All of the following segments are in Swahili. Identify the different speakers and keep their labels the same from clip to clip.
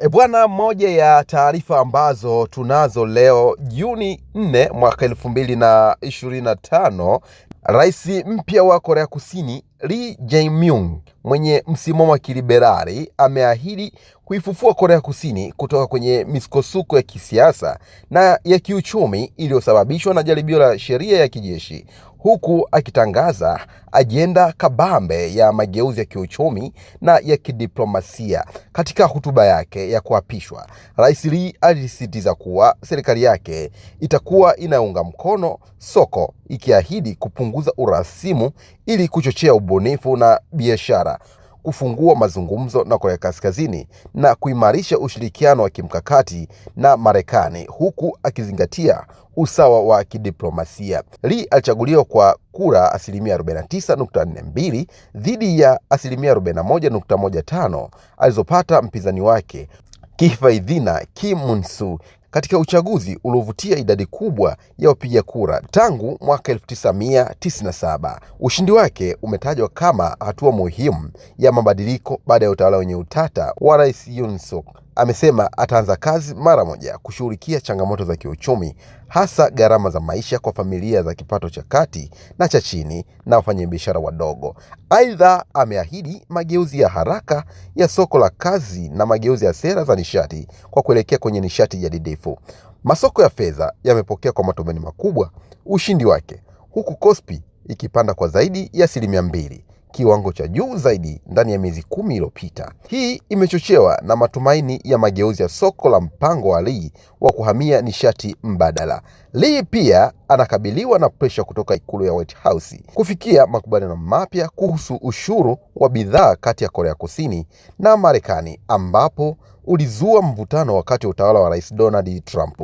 Speaker 1: E bwana, moja ya taarifa ambazo tunazo leo Juni 4 mwaka 2025, rais mpya wa Korea Kusini Lee Jae-myung mwenye msimamo wa kiliberali ameahidi kuifufua Korea Kusini kutoka kwenye misukosuko ya kisiasa na ya kiuchumi iliyosababishwa na jaribio la sheria ya kijeshi huku akitangaza ajenda kabambe ya mageuzi ya kiuchumi na ya kidiplomasia. Katika hotuba yake ya kuapishwa, Rais Lee alisisitiza kuwa serikali yake itakuwa inaunga mkono soko, ikiahidi kupunguza urasimu ili kuchochea ubunifu na biashara kufungua mazungumzo na Korea Kaskazini na kuimarisha ushirikiano wa kimkakati na Marekani huku akizingatia usawa wa kidiplomasia. Lee alichaguliwa kwa kura asilimia 49.42 dhidi ya asilimia 41.15 alizopata mpinzani wake kifaidhina Kim Munsu katika uchaguzi uliovutia idadi kubwa ya wapiga kura tangu mwaka 1997. Ushindi wake umetajwa kama hatua muhimu ya mabadiliko baada ya utawala wenye utata wa Rais Yoon Suk amesema ataanza kazi mara moja kushughulikia changamoto za kiuchumi hasa gharama za maisha kwa familia za kipato cha kati na cha chini na wafanyabiashara wadogo. Aidha, ameahidi mageuzi ya haraka ya soko la kazi na mageuzi ya sera za nishati kwa kuelekea kwenye nishati jadidifu. Masoko ya fedha yamepokea kwa matumaini makubwa ushindi wake huku KOSPI ikipanda kwa zaidi ya asilimia mbili kiwango cha juu zaidi ndani ya miezi kumi iliyopita. Hii imechochewa na matumaini ya mageuzi ya soko la mpango wa Lee wa kuhamia nishati mbadala. Lee pia anakabiliwa na presha kutoka ikulu ya White House kufikia makubaliano mapya kuhusu ushuru wa bidhaa kati ya Korea Kusini na Marekani ambapo ulizua mvutano wakati wa utawala wa Rais Donald Trump.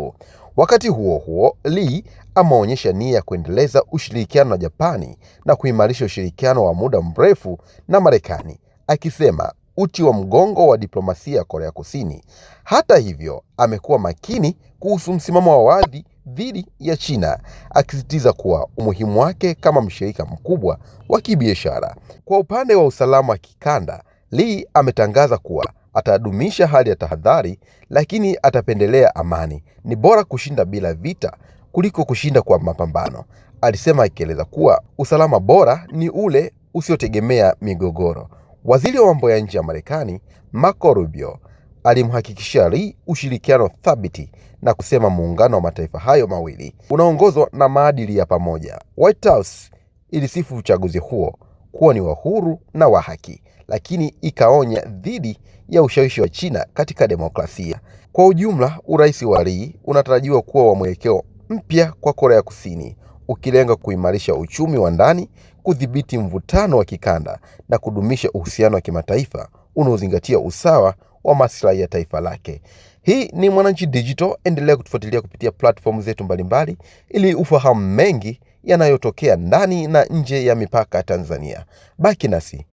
Speaker 1: Wakati huo huo, Lee ameonyesha nia ya kuendeleza ushirikiano na Japani na kuimarisha ushirikiano wa muda mrefu na Marekani, akisema uti wa mgongo wa diplomasia ya Korea Kusini. Hata hivyo, amekuwa makini kuhusu msimamo wa wazi dhidi ya China, akisisitiza kuwa umuhimu wake kama mshirika mkubwa wa kibiashara. Kwa upande wa usalama wa kikanda, Lee ametangaza kuwa atadumisha hali ya tahadhari, lakini atapendelea amani. Ni bora kushinda bila vita kuliko kushinda kwa mapambano, alisema akieleza kuwa usalama bora ni ule usiotegemea migogoro. Waziri wa mambo ya nje ya Marekani Marco Rubio alimhakikishia Ri ushirikiano thabiti na kusema muungano wa mataifa hayo mawili unaongozwa na maadili ya pamoja. White House ilisifu uchaguzi huo kuwa ni wa huru na wa haki lakini ikaonya dhidi ya ushawishi wa China katika demokrasia. Kwa ujumla, urais wa Lee unatarajiwa kuwa wa mwelekeo mpya kwa Korea Kusini, ukilenga kuimarisha uchumi wa ndani, kudhibiti mvutano wa kikanda na kudumisha uhusiano wa kimataifa unaozingatia usawa wa maslahi ya taifa lake. Hii ni Mwananchi Digital, endelea kutufuatilia kupitia platform zetu mbalimbali ili ufahamu mengi yanayotokea ndani na nje ya mipaka ya Tanzania. Baki nasi.